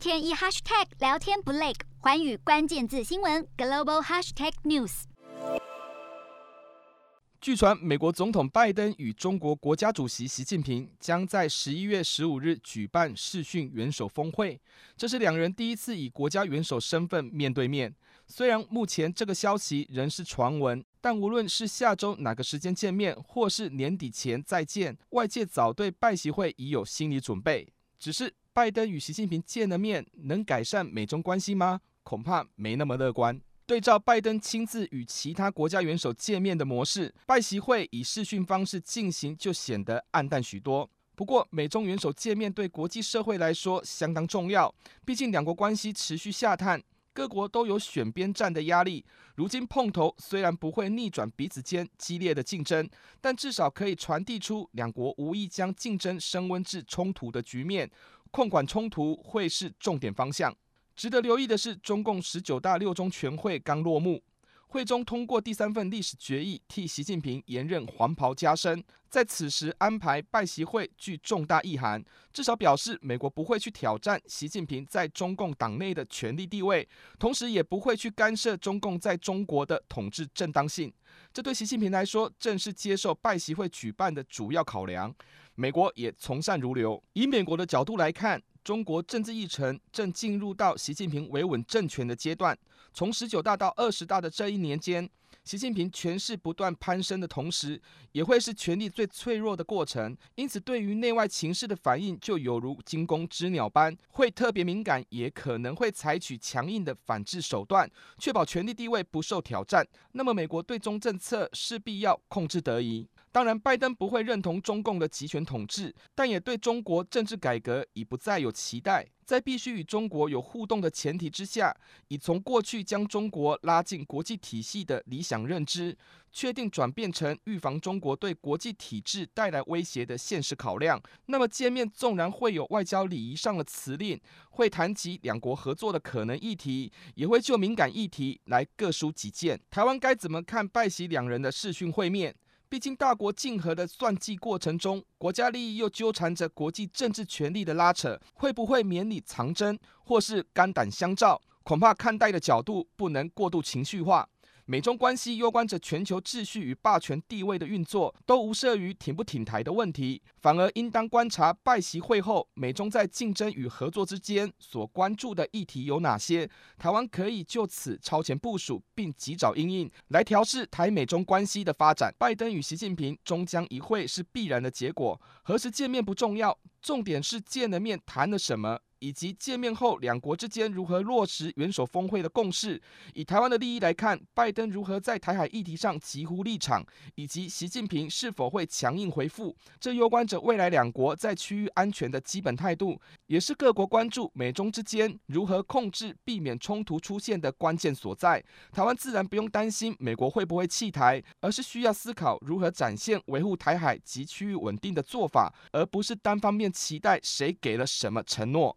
天一 hashtag 聊天不累，寰宇關鍵字新聞 global hashtag news。據傳，美國總統拜登與中國國家主席習近平將在十一月十五日舉辦視訊元首峰會，這是兩人第一次以國家元首身份面對面。雖然目前這個消息仍是傳聞，但無論是下週哪個時間見面，或是年底前再見，外界早對拜習會已有心理準備。只是。拜登與習近平見了面，能改善美中關係嗎？恐怕沒那麼樂觀。對照拜登親自與其他國家元首見面的模式，拜習會以視訊方式進行就顯得黯淡許多。不過，美中元首見面對國際社會來說相當重要，畢竟兩國關係持續下探。各國都有選邊站的壓力。如今碰頭，雖然不會逆轉彼此間激烈的競爭，但至少可以傳遞出兩國無意將競爭升溫至衝突的局面。控管衝突會是重點方向。值得留意的是，中共十九大六中全會剛落幕。會中通過第三份歷史決議，替習近平延任黃袍加身。在此時安排拜習會，具重大意涵，至少表示美國不會去挑戰習近平在中共黨內的權力地位，同時也不會去干涉中共在中國的統治正當性。這對習近平來說，正是接受拜習會舉辦的主要考量。美國也從善如流，以美國的角度來看。中國政治議程正進入到習近平維穩政權的階段。從十九大到二十大的這一年間，習近平權勢不斷攀升的同時，也會是權力最脆弱的過程。因此，對於內外情勢的反應，就猶如驚弓之鳥般，會特別敏感，也可能會採取強硬的反制手段，確保權力地位不受挑戰。那麼，美國對中政策勢必要控制得宜。當然，拜登不會認同中共的集權統治，但也對中國政治改革已不再有期待。在必須與中國有互動的前提之下，已從過去將中國拉近國際體系的理想認知，確定轉變成預防中國對國際體制帶來威脅的現實考量。那麼見面縱然會有外交禮儀上的辭令，會談及兩國合作的可能議題，也會就敏感議題來各抒己見。台灣該怎麼看拜習兩人的視訊會面？畢竟大國競合的算計過程中，國家利益又糾纏着國際政治權力的拉扯，會不會綿裡藏針，或是肝膽相照？恐怕看待的角度不能過度情緒化。美中關係攸關着全球秩序與霸權地位的運作，都無涉於挺不挺台的問題，反而應當觀察拜習會後美中在競爭與合作之間所關注的議題有哪些。台灣可以就此超前部署並及早因應，來調試台美中關係的發展。拜登與習近平終將一會是必然的結果，何時見面不重要，重點是見了面談了什麼。以及見面後兩國之間如何落實元首峰會的共識，以台灣的利益來看，拜登如何在台海議題上急乎立場，以及習近平是否會強硬回復，這攸關着未來兩國在區域安全的基本態度，也是各國關注美中之間如何控制、避免衝突出現的關鍵所在。台灣自然不用擔心美國會不會棄台，而是需要思考如何展現維護台海及區域穩定的做法，而不是單方面期待誰給了什麼承諾。